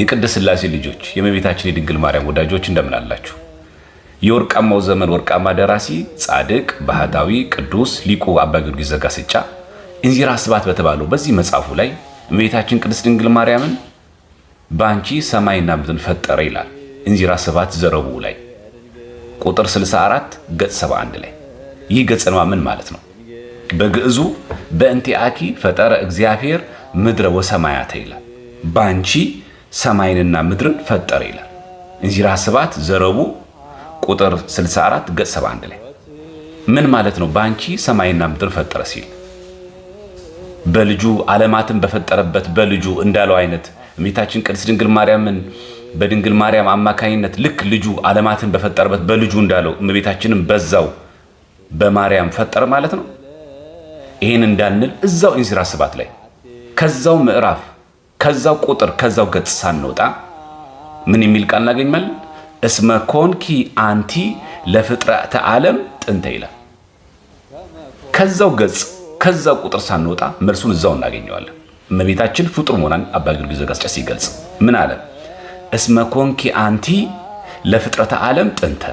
የቅድስት ሥላሴ ልጆች የእመቤታችን የድንግል ማርያም ወዳጆች እንደምን አላችሁ? የወርቃማው ዘመን ወርቃማ ደራሲ ጻድቅ ባህታዊ ቅዱስ ሊቁ አባ ጊዮርጊስ ዘጋስጫ እንዚራ ስባት በተባለው በዚህ መጽሐፉ ላይ እመቤታችን ቅድስት ድንግል ማርያምን በአንቺ ሰማይና ምድርን ፈጠረ ይላል። እንዚራ ስባት ዘረቡ ላይ ቁጥር 64 ገጽ 71 ላይ ይህ ገጽ ምን ማለት ነው? በግዕዙ በእንቲአኪ ፈጠረ እግዚአብሔር ምድረ ወሰማያተ ይላል። ባንቺ ሰማይንና ምድርን ፈጠረ ይላል። እንዚራ ስባት ዘረቡ ቁጥር 64 ገጽ 71 ላይ ምን ማለት ነው? ባንቺ ሰማይና ምድርን ፈጠረ ሲል በልጁ ዓለማትን በፈጠረበት በልጁ እንዳለው አይነት እመቤታችን ቅድስት ድንግል ማርያምን በድንግል ማርያም አማካኝነት ልክ ልጁ ዓለማትን በፈጠረበት በልጁ እንዳለው እመቤታችንም በዛው በማርያም ፈጠረ ማለት ነው። ይህን እንዳንል እዛው እንዚራ ስባት ላይ ከዛው ምዕራፍ ከዛው ቁጥር ከዛው ገጽ ሳንወጣ ምን የሚል ቃል እናገኛለን? እስመ ኮንኪ አንቲ ለፍጥረተ ዓለም ጥንተ ይላል። ከዛው ገጽ ከዛው ቁጥር ሳንወጣ መልሱን እዛው እናገኘዋለን። እመቤታችን ፍጡር መሆናን አባ ጊዮርጊስ ዘጋስጫስ ሲገልጽ ምን አለ? እስመ ኮንኪ አንቲ ለፍጥረተ ዓለም ጥንተ።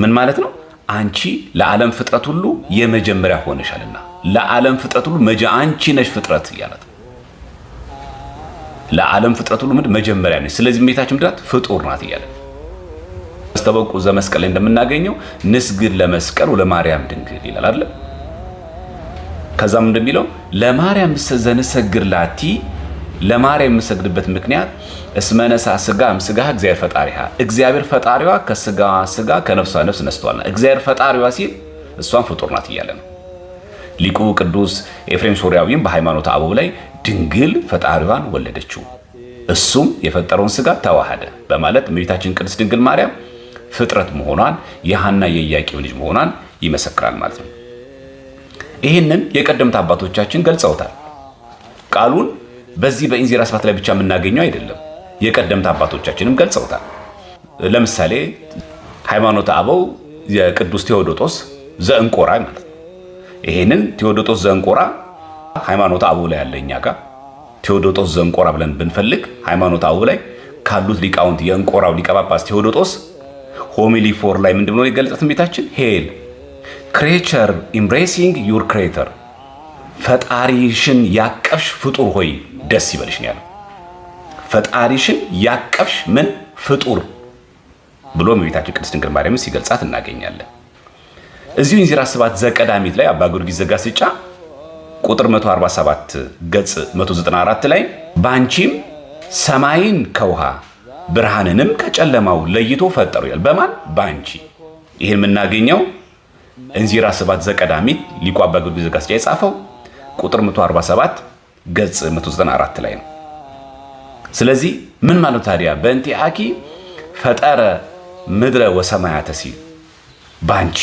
ምን ማለት ነው? አንቺ ለዓለም ፍጥረት ሁሉ የመጀመሪያ ሆነሻልና፣ ለዓለም ፍጥረት ሁሉ መጀ አንቺ ነሽ ፍጥረት እያለት ለዓለም ፍጥረት ሁሉ ምድር መጀመሪያ ነች። ስለዚህ እመቤታችን ምድራት ፍጡር ናት እያለ በስተበቁ ዘመስቀል እንደምናገኘው ንስግድ ለመስቀል ወለማርያም ድንግል ይላል አይደል? ከዛም እንደሚለው ለማርያም ዘንሰግር ላቲ ለማርያም የምሰግድበት ምክንያት እስመነሳ ስጋ ስጋ እግዚአብሔር ፈጣሪሃ እግዚአብሔር ፈጣሪዋ ከስጋ ስጋ ከነፍሷ ነፍስ ነስተዋልና እግዚአብሔር ፈጣሪዋ ሲል እሷን ፍጡር ናት እያለ ነው። ሊቁ ቅዱስ ኤፍሬም ሶሪያዊም በሃይማኖት አበው ላይ ድንግል ፈጣሪዋን ወለደችው፣ እሱም የፈጠረውን ስጋ ተዋሃደ በማለት እመቤታችን ቅድስት ድንግል ማርያም ፍጥረት መሆኗን የሐና የኢያቄም ልጅ መሆኗን ይመሰክራል ማለት ነው። ይህንን የቀደምት አባቶቻችን ገልጸውታል። ቃሉን በዚህ በኢንዚራ ስብሐት ላይ ብቻ የምናገኘው አይደለም። የቀደምት አባቶቻችንም ገልጸውታል። ለምሳሌ ሃይማኖተ አበው የቅዱስ ቴዎዶጦስ ዘእንቆራ ማለት ነው። ይህንን ቴዎዶጦስ ዘእንቆራ ሃይማኖት አበው ላይ ያለ እኛ ጋር ቴዎዶጦስ ዘንቆራ ብለን ብንፈልግ ሃይማኖት አበው ላይ ካሉት ሊቃውንት የእንቆራው ሊቀ ቴዎዶጦስ ሆሚሊ ፎር ላይ ምንድን ነው ትንቢታችን ሄል ክሬቸር ኢምብሬሲንግ ዩር ክሬተር ፈጣሪሽን ያቀፍሽ ፍጡር ሆይ ደስ ይበልሽ ያለው። ፈጣሪሽን ያቀፍሽ ምን ፍጡር ብሎ እመቤታችን ቅድስት ድንግል ማርያምን ሲገልጻት እናገኛለን። እዚሁ እንዚራ ስባት ዘቀዳሚት ላይ አባ ጊዮርጊስ ዘጋስጫ ቁጥር 147 ገጽ 194 ላይ በአንቺም ሰማይን ከውሃ ብርሃንንም ከጨለማው ለይቶ ፈጠሩ ይላል። በማን በአንቺ። ይህን የምናገኘው እንዚራ ስባት ዘቀዳሚት ሊቁ አባ ጊዮርጊስ ዘጋስጫ የጻፈው ቁጥር 147 ገጽ 194 ላይ ነው። ስለዚህ ምን ማለት ታዲያ አኪ ፈጠረ ምድረ ወሰማያተ ሲል በአንቺ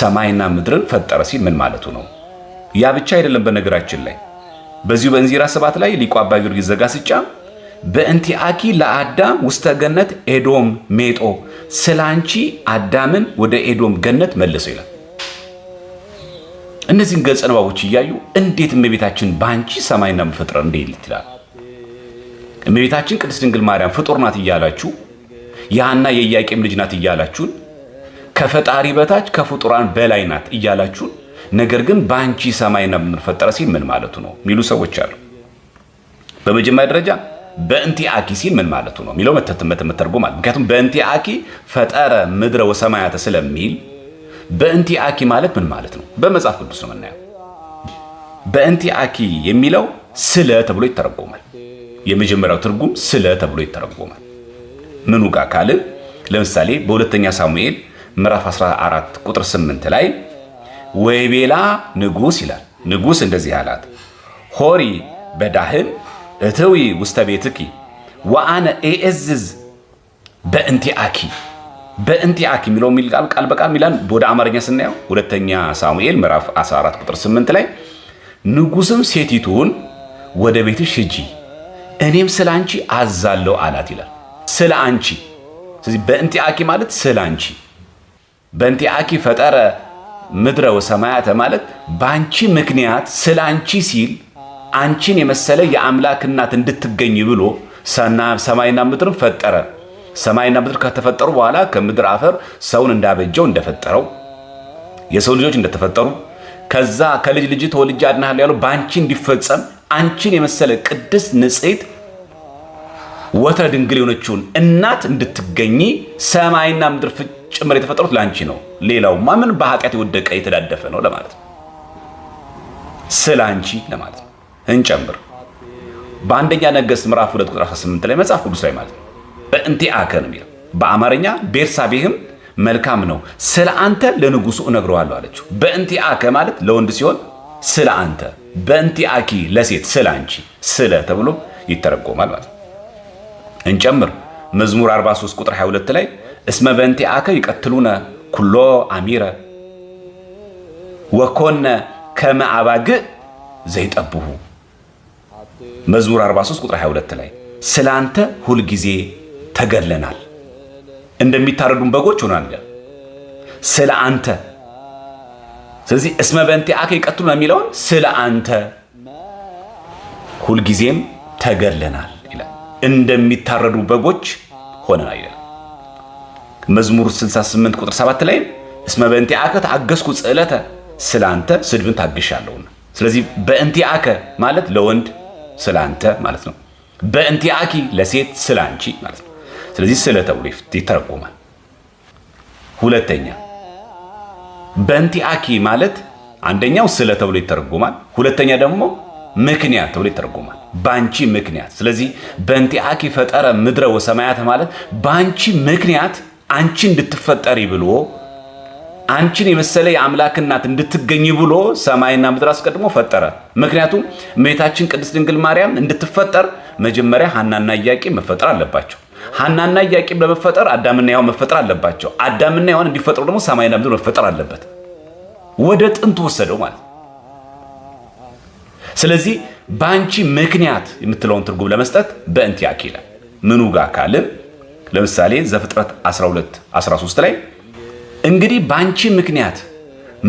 ሰማይና ምድርን ፈጠረ ሲል ምን ማለቱ ነው? ያ ብቻ አይደለም። በነገራችን ላይ በዚሁ በእንዚራ ሰባት ላይ ሊቁ አባ ጊዮርጊስ ዘጋስጫ በእንቲአኪ ለአዳም ውስተ ገነት ኤዶም ሜጦ ስለ አንቺ አዳምን ወደ ኤዶም ገነት መልሶ ይላል። እነዚህን ገጸ ንባቦች እያዩ እንዴት እመቤታችን በአንቺ ሰማይና ምፍጥረ እንዴት ይላል። እመቤታችን ቅድስት ድንግል ማርያም ፍጡር ናት እያላችሁ ያና የኢያቄም ልጅ ናት እያላችሁን ከፈጣሪ በታች ከፍጡራን በላይ ናት እያላችሁን ነገር ግን በአንቺ ሰማይ ነው የምንፈጠረ ሲል ምን ማለቱ ነው የሚሉ ሰዎች አሉ። በመጀመሪያ ደረጃ በእንቲ አኪ ሲል ምን ማለቱ ነው የሚለው መተትመት መተርጎም ምክንያቱም በእንቲ አኪ ፈጠረ ምድረ ወሰማያተ ስለሚል በእንቲ አኪ ማለት ምን ማለት ነው? በመጽሐፍ ቅዱስ ነው የምናየው። በእንቲ አኪ የሚለው ስለ ተብሎ ይተረጎማል። የመጀመሪያው ትርጉም ስለ ተብሎ ይተረጎማል። ምኑ ጋር ካልን ለምሳሌ በሁለተኛ ሳሙኤል ምዕራፍ 14 ቁጥር 8 ላይ ወይቤላ ንጉስ ይላል። ንጉስ እንደዚህ አላት፣ ሆሪ በዳህን እትዊ ውስተ ቤትኪ ወአነ ኤእዝዝ በእንቲአኪ በእንቲአኪ የሚለው የሚል ቃል ቃል በቃል ሚላን ወደ አማርኛ ስናየው ሁለተኛ ሳሙኤል ምዕራፍ 14 ቁጥር 8 ላይ ንጉስም ሴቲቱን ወደ ቤትሽ ሂጂ እኔም ስለ አንቺ አዛለው አላት ይላል። ስለ አንቺ ስለዚህ አኪ ማለት ስለ አንቺ አኪ ፈጠረ ምድረ ወሰማያተ ማለት በአንቺ ምክንያት ስለ አንቺ ሲል አንቺን የመሰለ የአምላክ እናት እንድትገኝ ብሎ ሰማይና ምድርን ፈጠረ። ሰማይና ምድር ከተፈጠሩ በኋላ ከምድር አፈር ሰውን እንዳበጀው እንደፈጠረው የሰው ልጆች እንደተፈጠሩ ከዛ ከልጅ ልጅ ተወልጄ አድናለሁ ያለው በአንቺ እንዲፈጸም አንቺን የመሰለ ቅድስት ንጽሕት ወትረ ድንግል የሆነችውን እናት እንድትገኝ ሰማይና ምድር ጭምር የተፈጠሩት ለአንቺ ነው። ሌላው ማምን በኃጢአት የወደቀ የተዳደፈ ነው ለማለት ነው። ስለ አንቺ ለማለት ነው። እንጨምር በአንደኛ ነገሥት ምዕራፍ 2 ቁጥር 18 ላይ መጽሐፍ ቅዱስ ላይ ማለት ነው በእንቴ አከ ነው የሚለው በአማርኛ ቤርሳቤህም መልካም ነው ስለ አንተ ለንጉሱ እነግረዋለሁ አለችው። አከ ማለት ለወንድ ሲሆን ስለ አንተ፣ አኪ ለሴት ስለ አንቺ፣ ስለ ተብሎ ይተረጎማል ማለት ነው። እንጨምር መዝሙር 43 ቁጥር 22 ላይ እስመ አከ ይቀትሉነ ኩሎ አሚረ ወኮነ ከመ አባግዕ ዘይጠብሁ መዝሙር 43 ቁጥር 22 ላይ ስለ ሁልጊዜ ተገለናል፣ እንደሚታረዱን በጎች ሆናለን ስለ አንተ። ስለዚህ እስመ በእንቲአከ ይቀትሉነ የሚለውን ስለ አንተ ሁልጊዜም ተገለናል ይላል። እንደሚታረዱ በጎች ሆነናል ይላል። መዝሙር 68 ቁጥር 7 ላይ እስመ በእንቲአከ ታገስኩ ጽዕለተ ስላንተ ስድብን ታግሻለሁና። ስለዚህ በእንቲአከ ማለት ለወንድ ስላንተ ማለት ነው። በእንቲአኪ ለሴት ስላንቺ ማለት ነው። ስለዚህ ስለ ተብሎ ይተረጎማል። ሁለተኛ በእንቲአኪ ማለት አንደኛው ስለ ተብሎ ይተረጎማል። ሁለተኛ ደግሞ ምክንያት ተብሎ ይተረጎማል። ባንቺ ምክንያት። ስለዚህ በእንቲአኪ ፈጠረ ምድረ ወሰማያት ማለት ባንቺ ምክንያት አንቺ እንድትፈጠሪ ብሎ አንቺን የመሰለ የአምላክ እናት እንድትገኝ ብሎ ሰማይና ምድር አስቀድሞ ፈጠረ። ምክንያቱም እመቤታችን ቅድስት ድንግል ማርያም እንድትፈጠር መጀመሪያ ሐናና ኢያቄም መፈጠር አለባቸው። ሐናና ኢያቄም ለመፈጠር አዳምና ሔዋን መፈጠር አለባቸው። አዳምና ሔዋን እንዲፈጠሩ ደግሞ ሰማይና ምድር መፈጠር አለበት። ወደ ጥንት ወሰደው ማለት። ስለዚህ በአንቺ ምክንያት የምትለውን ትርጉም ለመስጠት በእንቲአኪለ ምኑጋ ካልን ለምሳሌ ዘፍጥረት 12 13 ላይ እንግዲህ በአንቺ ምክንያት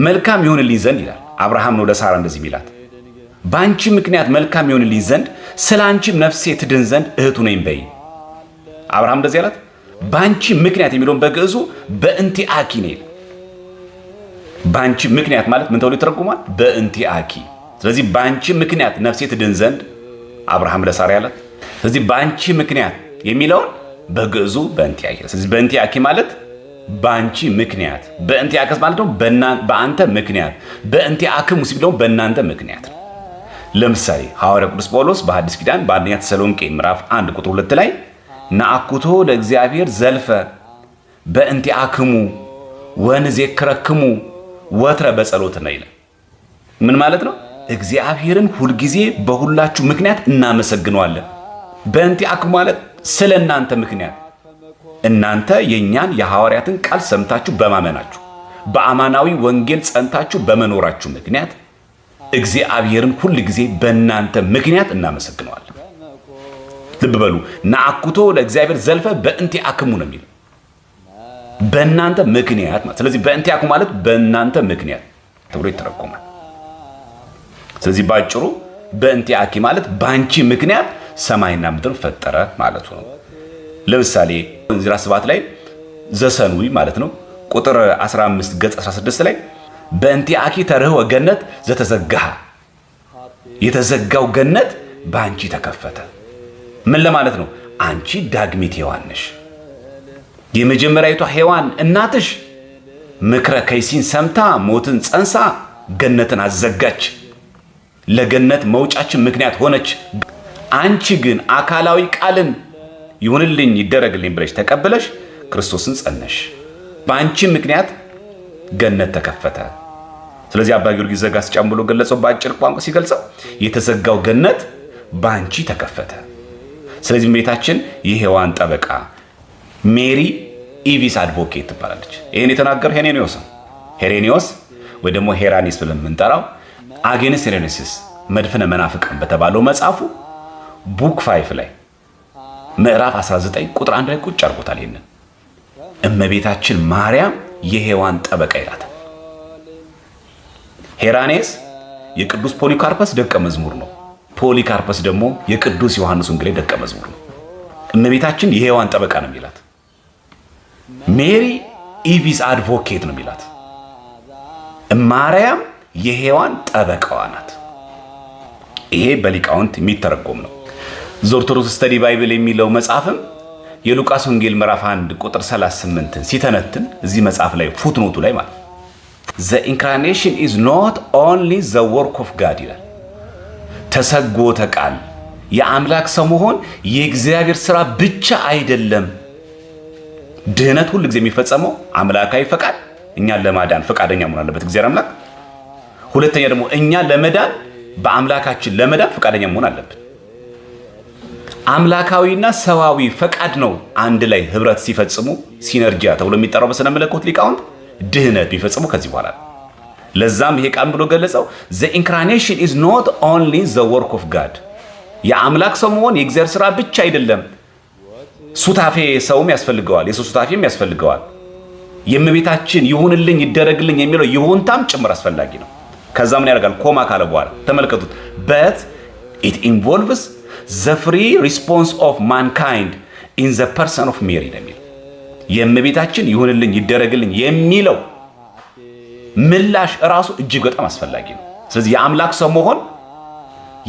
መልካም ይሆንልኝ ዘንድ ይላል አብርሃም ነው ለሳራ እንደዚህ ሚላት በአንቺ ምክንያት መልካም ይሆንልኝ ዘንድ ስለ አንቺም ነፍሴ ትድን ዘንድ እህቱ ነኝ በይ። አብርሃም እንደዚህ አላት። በአንቺ ምክንያት የሚለውን በግዕዙ በእንቲ አኪ ነው። በአንቺ ምክንያት ማለት ምን ተብሎ ይተረጉማል? በእንቲ አኪ። ስለዚህ በአንቺ ምክንያት ነፍሴ ትድን ዘንድ አብርሃም ለሳራ ያላት። ስለዚህ በአንቺ ምክንያት የሚለውን በግዕዙ በእንቲያኪ። ስለዚህ በእንቲያኪ ማለት በአንቺ ምክንያት፣ በእንቲያከስ ማለት ደግሞ በአንተ ምክንያት፣ በእንቲያክም ሲል ደግሞ በእናንተ ምክንያት ነው። ለምሳሌ ሐዋርያ ቅዱስ ጳውሎስ በሐዲስ ኪዳን በአንደኛ ተሰሎንቄ ምዕራፍ 1 ቁጥር 2 ላይ ነአኩቶ ለእግዚአብሔር ዘልፈ በእንቲአክሙ ወንዝ የክረክሙ ወትረ በጸሎት ነው ይለ ምን ማለት ነው? እግዚአብሔርን ሁልጊዜ በሁላችሁ ምክንያት እናመሰግነዋለን። በእንቲአክሙ ማለት ስለ እናንተ ምክንያት እናንተ የእኛን የሐዋርያትን ቃል ሰምታችሁ በማመናችሁ በአማናዊ ወንጌል ጸንታችሁ በመኖራችሁ ምክንያት እግዚአብሔርን ሁል ጊዜ በእናንተ ምክንያት እናመሰግነዋለን። ልብ በሉ። ናአኩቶ ለእግዚአብሔር ዘልፈ በእንቲ አክሙ ነው የሚለው በእናንተ ምክንያት ስለዚህ በእንቲ አክሙ ማለት በእናንተ ምክንያት ተብሎ ይተረጎማል። ስለዚህ ባጭሩ በእንቲ አኪ ማለት በአንቺ ምክንያት ሰማይና ምድር ፈጠረ ማለቱ ነው። ለምሳሌ እንዚራ ስብሐት ላይ ዘሰኑይ ማለት ነው ቁጥር 15 ገጽ 16 ላይ አኪ ተርህወ ገነት ዘተዘጋሃ የተዘጋው ገነት በአንቺ ተከፈተ። ምን ለማለት ነው? አንቺ ዳግሚት ሔዋን ነሽ። የመጀመሪያዊቷ ሔዋን እናትሽ ምክረ ከይሲን ሰምታ ሞትን ጸንሳ ገነትን አዘጋች። ለገነት መውጫችን ምክንያት ሆነች። አንቺ ግን አካላዊ ቃልን ይሁንልኝ ይደረግልኝ ብለሽ ተቀብለሽ ክርስቶስን ጸነሽ። በአንቺ ምክንያት ገነት ተከፈተ። ስለዚህ አባ ጊዮርጊስ ዘጋስጫን ብሎ ገለጸው። በአጭር ቋንቋ ሲገልጸው የተዘጋው ገነት በአንቺ ተከፈተ። ስለዚህ ቤታችን የሔዋን ጠበቃ ሜሪ ኢቪስ አድቮኬት ትባላለች። ይህን የተናገር ሄሬኔዎስ ነው። ሄሬኔዎስ ወይ ደግሞ ሄራኒስ ብለን የምንጠራው አጌንስ ሄሬኔሲስ መድፍነ መናፍቅን በተባለው መጽሐፉ ቡክ ፋይፍ ላይ ምዕራፍ 19 ቁጥር 1 ላይ ቁጭ አድርጎታል። ይህንን እመቤታችን ማርያም የሔዋን ጠበቃ ይላት። ሄራኔስ የቅዱስ ፖሊካርፐስ ደቀ መዝሙር ነው። ፖሊካርፐስ ደግሞ የቅዱስ ዮሐንስ ወንጌላዊ ደቀ መዝሙር ነው። እመቤታችን የሔዋን ጠበቃ ነው የሚላት። ሜሪ ኢቪስ አድቮኬት ነው የሚላት። ማርያም የሔዋን ጠበቃዋ ናት። ይሄ በሊቃውንት የሚተረጎም ነው። ዘ ኦርቶዶክስ ስተዲ ባይብል የሚለው መጽሐፍም የሉቃስ ወንጌል ምዕራፍ 1 ቁጥር 38 ሲተነትን እዚህ መጽሐፍ ላይ ፉትኖቱ ላይ ማለት ዘ ኢንካርኔሽን ኢዝ ኖት ኦንሊ ዘ ወርክ ኦፍ ጋድ ይላል። ተሰጎተ ቃል የአምላክ ሰው መሆን የእግዚአብሔር ስራ ብቻ አይደለም። ድህነት ሁል ጊዜ የሚፈጸመው አምላካዊ ፈቃድ እኛን ለማዳን ፈቃደኛ መሆን አለበት እግዚአብሔር አምላክ። ሁለተኛ ደግሞ እኛ ለመዳን በአምላካችን ለመዳን ፈቃደኛ መሆን አለብን። አምላካዊና ሰዋዊ ፈቃድ ነው አንድ ላይ ህብረት ሲፈጽሙ ሲነርጂያ ተብሎ የሚጠራው በስነ መለኮት ሊቃውንት ድህነት የሚፈጽሙ ከዚህ በኋላ ነው። ለዛም ይሄ ቃል ብሎ ገለጸው ዘ ኢንካርኔሽን ኢዝ ኖት ኦንሊ ዘ ወርክ ኦፍ ጋድ የአምላክ ሰው መሆን የእግዚአብሔር ስራ ብቻ አይደለም። ሱታፌ ሰውም ያስፈልገዋል፣ የሰው ሱታፌም ያስፈልገዋል። የእመቤታችን ይሁንልኝ ይደረግልኝ የሚለው ይሁንታም ጭምር አስፈላጊ ነው። ከዛ ምን ያደርጋል? ኮማ ካለ በኋላ ተመልከቱት በት ኢት ኢንቮልቭስ ዘ ፍሪ ሪስፖንስ ኦፍ ማንካይንድ ኢን ዘ ፐርሰን ኦፍ ሜሪ ነው የሚለው። የእመቤታችን ይሁንልኝ ይደረግልኝ የሚለው ምላሽ እራሱ እጅግ በጣም አስፈላጊ ነው። ስለዚህ የአምላክ ሰው መሆን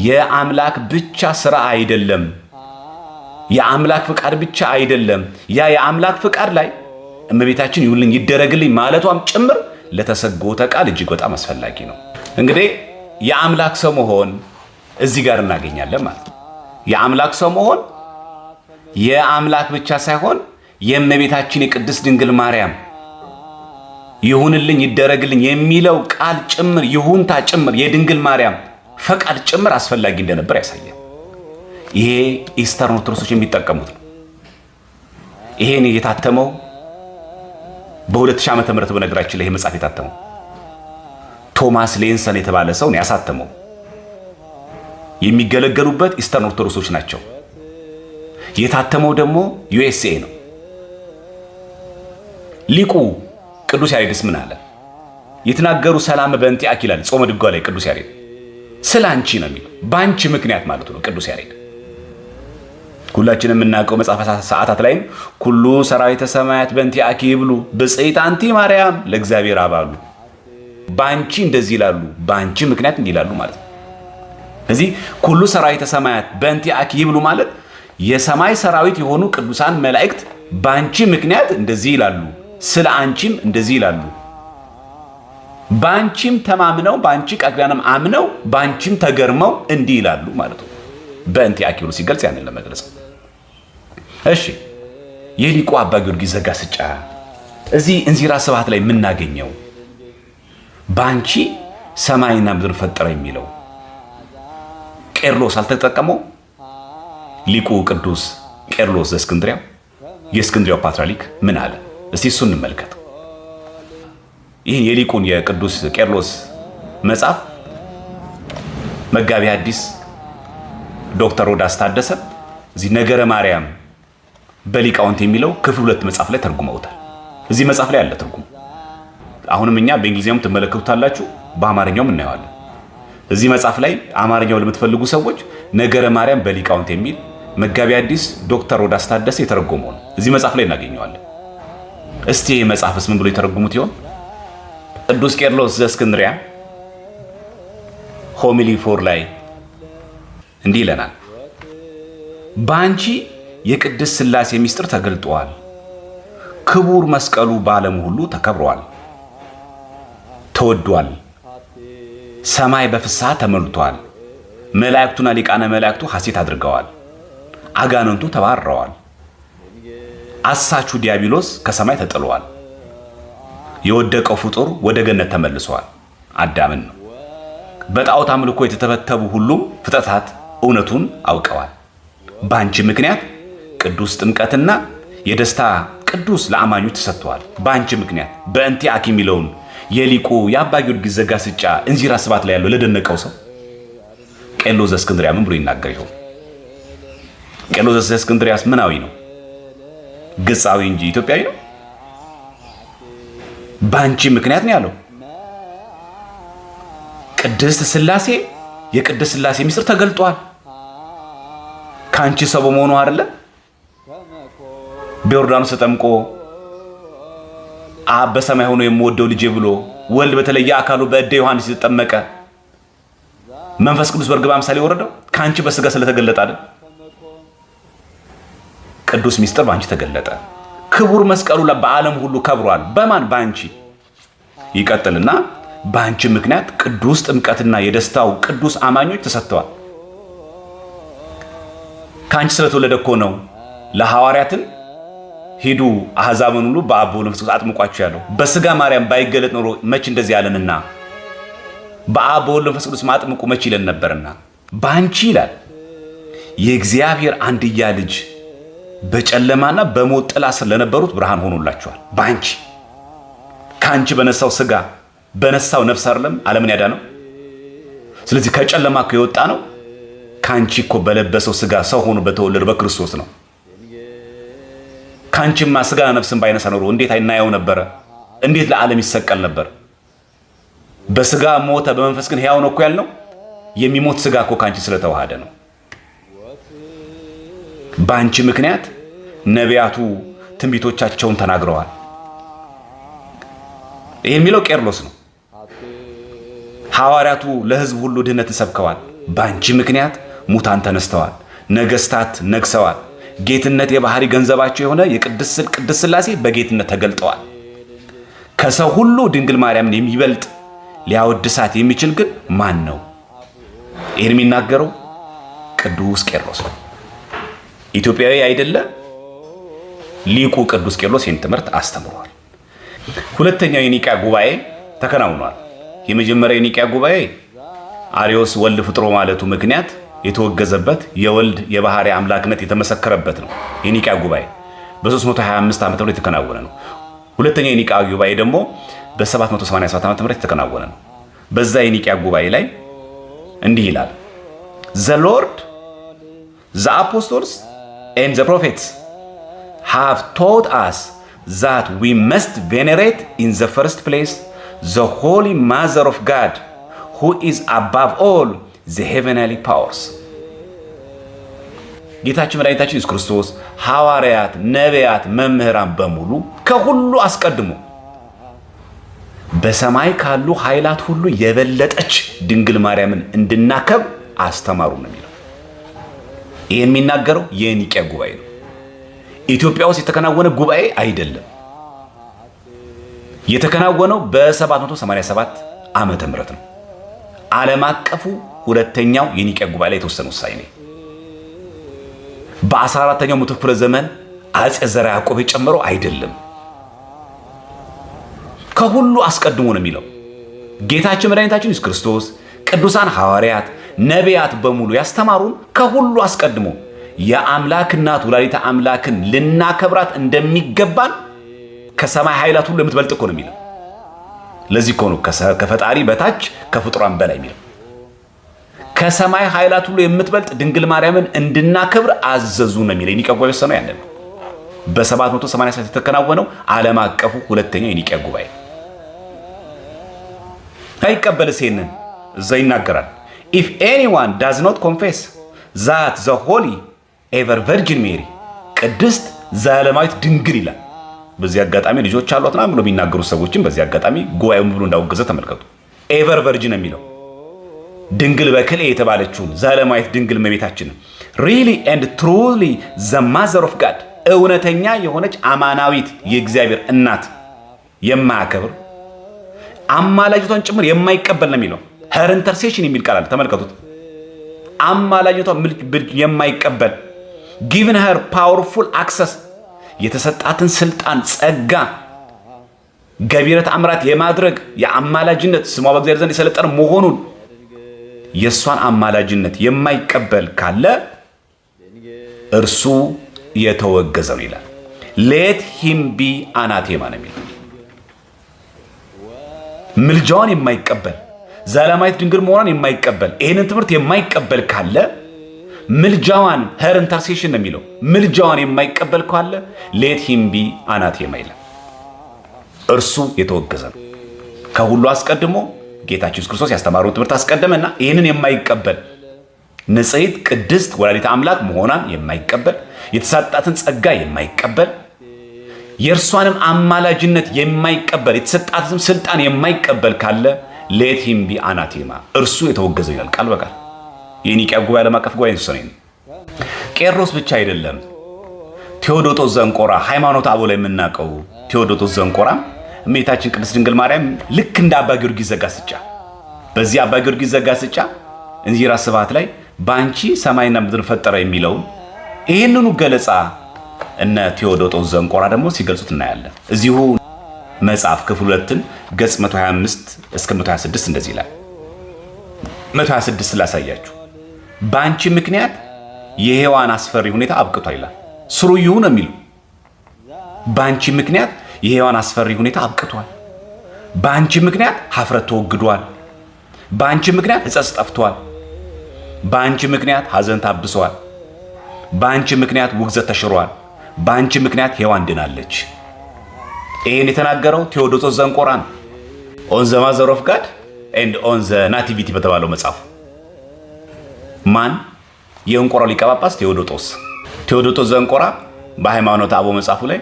የአምላክ ብቻ ስራ አይደለም፣ የአምላክ ፍቃድ ብቻ አይደለም። ያ የአምላክ ፍቃድ ላይ እመቤታችን ይሁንልኝ ይደረግልኝ ማለቷም ጭምር ለተሰጎተ ቃል እጅግ በጣም አስፈላጊ ነው። እንግዲህ የአምላክ ሰው መሆን እዚህ ጋር እናገኛለን ማለት ነው። የአምላክ ሰው መሆን የአምላክ ብቻ ሳይሆን የእመቤታችን የቅድስት ድንግል ማርያም ይሁንልኝ ይደረግልኝ የሚለው ቃል ጭምር ይሁንታ ጭምር የድንግል ማርያም ፈቃድ ጭምር አስፈላጊ እንደነበር ያሳያል። ይሄ ኢስተርን ኦርቶዶክሶች የሚጠቀሙት ነው። ይሄን የታተመው በ2000 ዓመተ ምህረት በነገራችን ላይ ይሄ መጽሐፍ የታተመው ቶማስ ሌንሰን የተባለ ሰው ነው ያሳተመው። የሚገለገሉበት ኢስተርን ኦርቶዶክሶች ናቸው። የታተመው ደግሞ ዩኤስኤ ነው። ሊቁ ቅዱስ ያሬድስ ምን አለ? የተናገሩ ሰላም በእንጢአክ ይላል ጾመ ድጓ ላይ ቅዱስ ያሬድ ስለ አንቺ ነው የሚለው በአንቺ ምክንያት ማለቱ ነው። ቅዱስ ያሬድ ሁላችን የምናውቀው መጽሐፈ ሰዓታት ላይም ሁሉ ሰራዊተ ሰማያት በእንቲአኪ ይብሉ ብፅዕት አንቲ ማርያም ለእግዚአብሔር አባሉ በአንቺ እንደዚህ ይላሉ፣ በአንቺ ምክንያት እንዲህ ይላሉ ማለት ነው። እዚህ ኩሉ ሰራዊተ ሰማያት በእንቲአኪ ይብሉ ማለት የሰማይ ሰራዊት የሆኑ ቅዱሳን መላእክት በአንቺ ምክንያት እንደዚህ ይላሉ፣ ስለ አንቺም እንደዚህ ይላሉ። በአንቺም ተማምነው በአንቺ ቃልኪዳንም አምነው በአንቺም ተገርመው እንዲህ ይላሉ ማለት ነው። በእንቲ ብሎ ሲገልጽ ያንን ለመግለጽ እሺ። የሊቁ አባ ጊዮርጊስ ዘጋስጫ እዚህ እንዚራ ስብሐት ላይ የምናገኘው በአንቺ ሰማይና ምድር ፈጠረ የሚለው ቄርሎስ አልተጠቀመው ሊቁ ቅዱስ ቄርሎስ ዘእስክንድሪያ የእስክንድሪያው ፓትርያርክ ምን አለ? እስቲ እሱ እንመልከት። ይህን የሊቁን የቅዱስ ቄርሎስ መጽሐፍ መጋቢ አዲስ ዶክተር ሮዳስ ታደሰ እዚህ ነገረ ማርያም በሊቃውንት የሚለው ክፍል ሁለት መጽሐፍ ላይ ተርጉመውታል። እዚህ መጽሐፍ ላይ አለ ትርጉም። አሁንም እኛ በእንግሊዝኛውም ትመለከቱታላችሁ፣ በአማርኛውም እናየዋለን። እዚህ መጽሐፍ ላይ አማርኛው ለምትፈልጉ ሰዎች ነገረ ማርያም በሊቃውንት የሚል መጋቢ አዲስ ዶክተር ሮዳስ ታደሰ የተረጎመው ነው። እዚህ መጽሐፍ ላይ እናገኘዋለን። እስቲ ይህ መጽሐፍስ ምን ብሎ የተረጎሙት ይሆን? ቅዱስ ቄርሎስ ዘእስክንድርያ ሆሚሊ ፎር ላይ እንዲህ ይለናል። በአንቺ የቅድስት ሥላሴ ምስጢር ተገልጧል። ክቡር መስቀሉ በዓለም ሁሉ ተከብሯል፣ ተወዷል። ሰማይ በፍስሐ ተሞልቷል። መላእክቱና ሊቃነ መላእክቱ ሐሴት አድርገዋል። አጋንንቱ ተባረዋል። አሳቹ ዲያብሎስ ከሰማይ ተጥሏል። የወደቀው ፍጡር ወደ ገነት ተመልሷል። አዳምን ነው። በጣዖት አምልኮ የተተበተቡ ሁሉም ፍጥረታት እውነቱን አውቀዋል። በአንቺ ምክንያት ቅዱስ ጥምቀትና የደስታ ቅዱስ ለአማኞች ተሰጥተዋል። በአንቺ ምክንያት በእንቲ አኪ የሚለውን የሊቁ የአባ ጊዮርጊስ ዘጋስጫ እንዚራ ስባት ላይ ያለው ለደነቀው ሰው ቄሎ ዘእስክንድርያ ምን ብሎ ይናገር ይሆን? ቄሎ ዘእስክንድርያስ ምናዊ ነው? ግጻዊ እንጂ ኢትዮጵያዊ ነው? በአንቺ ምክንያት ነው ያለው። ቅድስት ስላሴ የቅድስት ስላሴ ምስጢር ተገልጧል። ከአንቺ ሰው በመሆኑ አይደለም በዮርዳኖስ ተጠምቆ አብ በሰማይ ሆኖ የምወደው ልጄ ብሎ ወልድ በተለየ አካሉ በእደ ዮሐንስ የተጠመቀ መንፈስ ቅዱስ በርግብ አምሳሌ የወረደው ከአንቺ በስጋ ስለተገለጠ አይደል? ቅዱስ ሚስጥር በአንቺ ተገለጠ። ክቡር መስቀሉ በዓለም ሁሉ ከብሯል። በማን? በአንቺ። ይቀጥልና በአንቺ ምክንያት ቅዱስ ጥምቀትና የደስታው ቅዱስ አማኞች ተሰጥተዋል። ከአንቺ ስለተወለደ እኮ ነው ለሐዋርያትን ሂዱ አሕዛብን ሁሉ በአብ በወልድ በመንፈስ ቅዱስ አጥምቋቸው ያለው በስጋ ማርያም ባይገለጥ ኖሮ መች እንደዚህ ያለንና በአብ በወልድ በመንፈስ ቅዱስ ማጥምቁ መች ይለን ነበርና በአንቺ ይላል የእግዚአብሔር አንድያ ልጅ በጨለማና በሞት ጥላ ስር ለነበሩት ብርሃን ሆኖላቸዋል። በአንቺ ከአንቺ በነሳው ስጋ በነሳው ነፍስ አይደለም ዓለምን ያዳ ነው። ስለዚህ ከጨለማ እኮ የወጣ ነው። ከአንቺ እኮ በለበሰው ስጋ ሰው ሆኖ በተወለደ በክርስቶስ ነው። ከአንቺማ ስጋና ነፍስን ባይነሳ ኖሮ እንዴት አይናየው ነበረ? እንዴት ለዓለም ይሰቀል ነበር? በስጋ ሞተ፣ በመንፈስ ግን ሕያው ነው እኮ ያልነው። የሚሞት ስጋ እኮ ከአንቺ ስለተዋሃደ ነው። በአንቺ ምክንያት ነቢያቱ ትንቢቶቻቸውን ተናግረዋል። ይህ የሚለው ቄርሎስ ነው። ሐዋርያቱ ለሕዝብ ሁሉ ድህነትን ሰብከዋል። በአንቺ ምክንያት ሙታን ተነስተዋል፣ ነገስታት ነግሰዋል። ጌትነት የባህሪ ገንዘባቸው የሆነ ቅድስት ስላሴ በጌትነት ተገልጠዋል። ከሰው ሁሉ ድንግል ማርያምን የሚበልጥ ሊያወድሳት የሚችል ግን ማን ነው? ይህን የሚናገረው ቅዱስ ቄርሎስ ነው። ኢትዮጵያዊ አይደለ? ሊቁ ቅዱስ ቄርሎስ ይህን ትምህርት አስተምሯል። ሁለተኛው የኒቅያ ጉባኤ ተከናውኗል። የመጀመሪያው የኒቅያ ጉባኤ አሪዮስ ወልድ ፍጥሮ ማለቱ ምክንያት የተወገዘበት የወልድ የባህሪ አምላክነት የተመሰከረበት ነው። የኒቂያ ጉባኤ በ325 ዓ ም የተከናወነ ነው። ሁለተኛው የኒቂያ ጉባኤ ደግሞ በ787 ዓ ም የተከናወነ ነው። በዛ የኒቂያ ጉባኤ ላይ እንዲህ ይላል ዘ ሎርድ ዘ አፖስቶልስ ኤንድ ዘ ፕሮፌትስ ሃቭ ቶት አስ ዛት ዊ መስት ቬኔሬት ኢን ዘ ፈርስት ፕሌስ ዘ ሆሊ ማዘር ኦፍ ጋድ ሁ ኢዝ አባቭ ኦል ዘ ሄቨናሊ ፓወርስ ጌታችን መድኃኒታችን ኢየሱስ ክርስቶስ፣ ሐዋርያት፣ ነቢያት፣ መምህራን በሙሉ ከሁሉ አስቀድሞ በሰማይ ካሉ ኃይላት ሁሉ የበለጠች ድንግል ማርያምን እንድናከብ አስተማሩ ነው የሚለው። ይህ የሚናገረው የኒቅያ ጉባኤ ነው። ኢትዮጵያ ውስጥ የተከናወነ ጉባኤ አይደለም። የተከናወነው በ787 ዓመተ ምህረት ነው። ዓለም አቀፉ ሁለተኛው የኒቅያ ጉባኤ ላይ የተወሰነ ውሳኔ ነው። በአስራ አራተኛው መቶ ክፍለ ዘመን አጼ ዘርዓ ያዕቆብ የጨመረው አይደለም። ከሁሉ አስቀድሞ ነው የሚለው ጌታችን መድኃኒታችን ኢየሱስ ክርስቶስ ቅዱሳን ሐዋርያት፣ ነቢያት በሙሉ ያስተማሩን ከሁሉ አስቀድሞ የአምላክ እናት ወላዲተ አምላክን ልናከብራት እንደሚገባን ከሰማይ ኃይላት ሁሉ የምትበልጥ እኮ ነው የሚለው። ለዚህ እኮ ነው ከፈጣሪ በታች ከፍጡራን በላይ የሚለው። ከሰማይ ኃይላት ሁሉ የምትበልጥ ድንግል ማርያምን እንድናከብር አዘዙ ነው የሚለው የኒቅያ ጉባኤ ወሰነው። ያንን በ787 የተከናወነው ዓለም አቀፉ ሁለተኛው የኒቅያ ጉባኤ አይቀበልስ ይሄንን እዛ ይናገራል። ኢፍ ኤኒዋን ዳዝ ኖት ኮንፌስ ዛት ዘ ሆሊ ኤቨር ቨርጅን ሜሪ ቅድስት ዘለማዊት ድንግል ይላል። በዚህ አጋጣሚ ልጆች አሏትና ብሎ የሚናገሩት ሰዎችም በዚህ አጋጣሚ ጉባኤውን ብሎ እንዳወገዘ ተመልከቱ። ኤቨር ቨርጅን የሚለው ድንግል በክሌ የተባለችውን ዘለማየት ድንግል መቤታችን ሪሊ ኤንድ ትሩሊ ዘ ማዘር ኦፍ ጋድ እውነተኛ የሆነች አማናዊት የእግዚአብሔር እናት የማያከብር አማላጅቷን ጭምር የማይቀበል ነው የሚለው። ሄር ኢንተርሴሽን የሚል ቃል አለ። ተመልከቱት። አማላጅቷን የማይቀበል ጊቭን ሄር ፓወርፉል አክሰስ የተሰጣትን ስልጣን ጸጋ ገቢረ ተአምራት የማድረግ የአማላጅነት ስሟ በእግዚአብሔር ዘንድ የሰለጠነ መሆኑን የእሷን አማላጅነት የማይቀበል ካለ እርሱ የተወገዘ ነው ይላል። ሌት ሂም ቢ አናቴማ ነው የሚለው ምልጃዋን የማይቀበል ዘላለማዊት ድንግል መሆኗን የማይቀበል ይህንን ትምህርት የማይቀበል ካለ ምልጃዋን ሄር ኢንተርሴሽን ነው የሚለው ምልጃዋን የማይቀበል ካለ ሌት ሂም ቢ አናቴማ ይላል። እርሱ የተወገዘ ነው። ከሁሉ አስቀድሞ ጌታችን ኢየሱስ ክርስቶስ ያስተማረውን ትምህርት አስቀደመና ይህንን የማይቀበል ንጽሕት ቅድስት ወላዲተ አምላክ መሆኗን የማይቀበል የተሰጣትን ጸጋ የማይቀበል የእርሷንም አማላጅነት የማይቀበል የተሰጣትም ስልጣን የማይቀበል ካለ ለየቲም ቢ አናቴማ እርሱ የተወገዘ ይላል ቃል በቃል የኒቅያ ጉባኤ ዓለም አቀፍ ጉባኤ ነኝ። ቄሮስ ብቻ አይደለም ቴዎዶጦስ ዘንቆራ ሃይማኖት አቦ ላይ የምናውቀው ቴዎዶጦስ ዘንቆራም እመቤታችን ቅድስት ድንግል ማርያም ልክ እንደ አባ ጊዮርጊስ ዘጋስጫ በዚህ አባ ጊዮርጊስ ዘጋስጫ እንዚራ ስብሐት ላይ በአንቺ ሰማይና ምድር ፈጠረ የሚለውን ይህንኑ ገለጻ እነ ቴዎዶጦስ ዘንቆራ ደግሞ ሲገልጹት እናያለን። እዚሁ መጽሐፍ ክፍል ሁለትን ገጽ 125 እስከ 126 እንደዚህ ይላል። 126 ላሳያችሁ። በአንቺ ምክንያት የሔዋን አስፈሪ ሁኔታ አብቅቷ ይላል። ስሩ ይሁን የሚሉ በአንቺ ምክንያት የሔዋን አስፈሪ ሁኔታ አብቅቷል። በአንቺ ምክንያት ሀፍረት ተወግዷል። በአንቺ ምክንያት ሕጸጽ ጠፍቷል። በአንቺ ምክንያት ሐዘን ታብሰዋል። በአንቺ ምክንያት ውግዘት ተሽሯል። በአንቺ ምክንያት ሔዋን ድናለች። ይህን የተናገረው ቴዎዶጦስ ዘንቆራ ነው። ኦን ዘ ማዘር ኦፍ ጋድ ኤንድ ኦን ዘ ናቲቪቲ በተባለው መጽሐፉ ማን? የእንቆራው ሊቀጳጳስ ቴዎዶጦስ። ቴዎዶጦስ ዘንቆራ በሃይማኖት አበው መጽሐፉ ላይ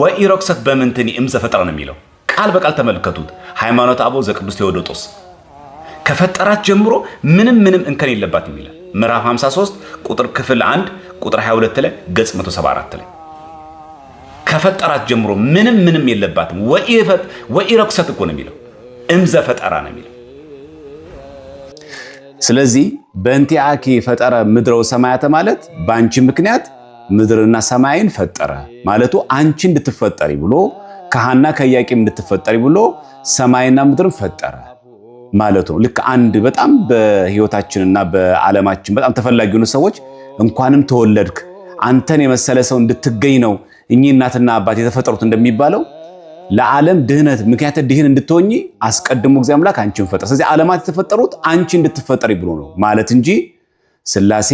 ወኢረኩሰት በምንትኒ እምዘ ፈጠረ ነው የሚለው ቃል በቃል ተመልከቱት። ሃይማኖት አበው ዘቅዱስ ቴዎዶጦስ ከፈጠራት ጀምሮ ምንም ምንም እንከን የለባት የሚለ ምዕራፍ 53 ቁጥር ክፍል 1 ቁጥር 22 ላይ ገጽ 174 ላይ ከፈጠራት ጀምሮ ምንም ምንም የለባትም። ወኢረኩሰት እኮ ነው የሚለው እምዘ ፈጠራ ነው የሚለው። ስለዚህ በእንቲአኪ ፈጠረ ምድረው ሰማያተ ማለት በአንቺ ምክንያት ምድርና ሰማይን ፈጠረ ማለቱ አንቺ እንድትፈጠሪ ብሎ ከሐና ከኢያቄም እንድትፈጠሪ ብሎ ሰማይና ምድርን ፈጠረ ማለቱ ነው። ልክ አንድ በጣም በህይወታችንና በዓለማችን በጣም ተፈላጊ የሆኑ ሰዎች እንኳንም ተወለድክ አንተን የመሰለ ሰው እንድትገኝ ነው እኚህ እናትና አባት የተፈጠሩት እንደሚባለው ለዓለም ድህነት ምክንያት ድህን እንድትሆኝ አስቀድሞ ጊዜ አምላክ አንቺን ፈጠረ። ስለዚህ ዓለማት የተፈጠሩት አንቺ እንድትፈጠሪ ብሎ ነው ማለት እንጂ ስላሴ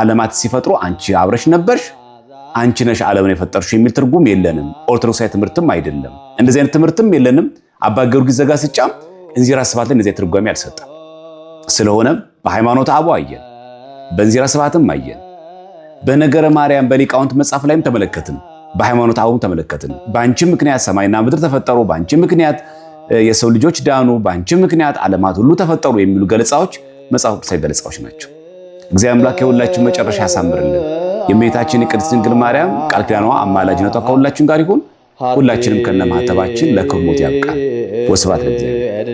ዓለማት ሲፈጥሩ አንቺ አብረሽ ነበርሽ፣ አንቺ ነሽ ዓለምን የፈጠርሽ የሚል ትርጉም የለንም። ኦርቶዶክሳዊ ትምህርትም አይደለም። እንደዚህ አይነት ትምህርትም የለንም። አባ ጊዮርጊስ ዘጋ እንዚራ ስብሐት ላይ እንደዚህ ትርጓሜ አልሰጠም። ስለሆነ በሃይማኖተ አበው አየን፣ በእንዚራ ስብሐትም አየን፣ በነገረ ማርያም በሊቃውንት መጽሐፍ ላይም ተመለከትን፣ በሃይማኖተ አበውም ተመለከትን። በአንቺ ምክንያት ሰማይና ምድር ተፈጠሩ፣ በአንቺ ምክንያት የሰው ልጆች ዳኑ፣ በአንቺ ምክንያት ዓለማት ሁሉ ተፈጠሩ የሚሉ ገለጻዎች መጽሐፍ ቅዱሳዊ ገለጻዎች ናቸው። እግዚአብሔር አምላክ የሁላችን መጨረሻ ያሳምርልን። የእመቤታችን የቅድስት ድንግል ማርያም ቃል ኪዳኗ አማላጅነቷ ከሁላችን ጋር ይሁን። ሁላችንም ከነማህተባችን ለክህሞት ያብቃል። ወስብሐት ለእግዚአብሔር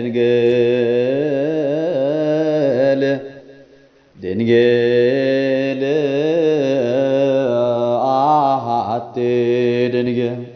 ድንግል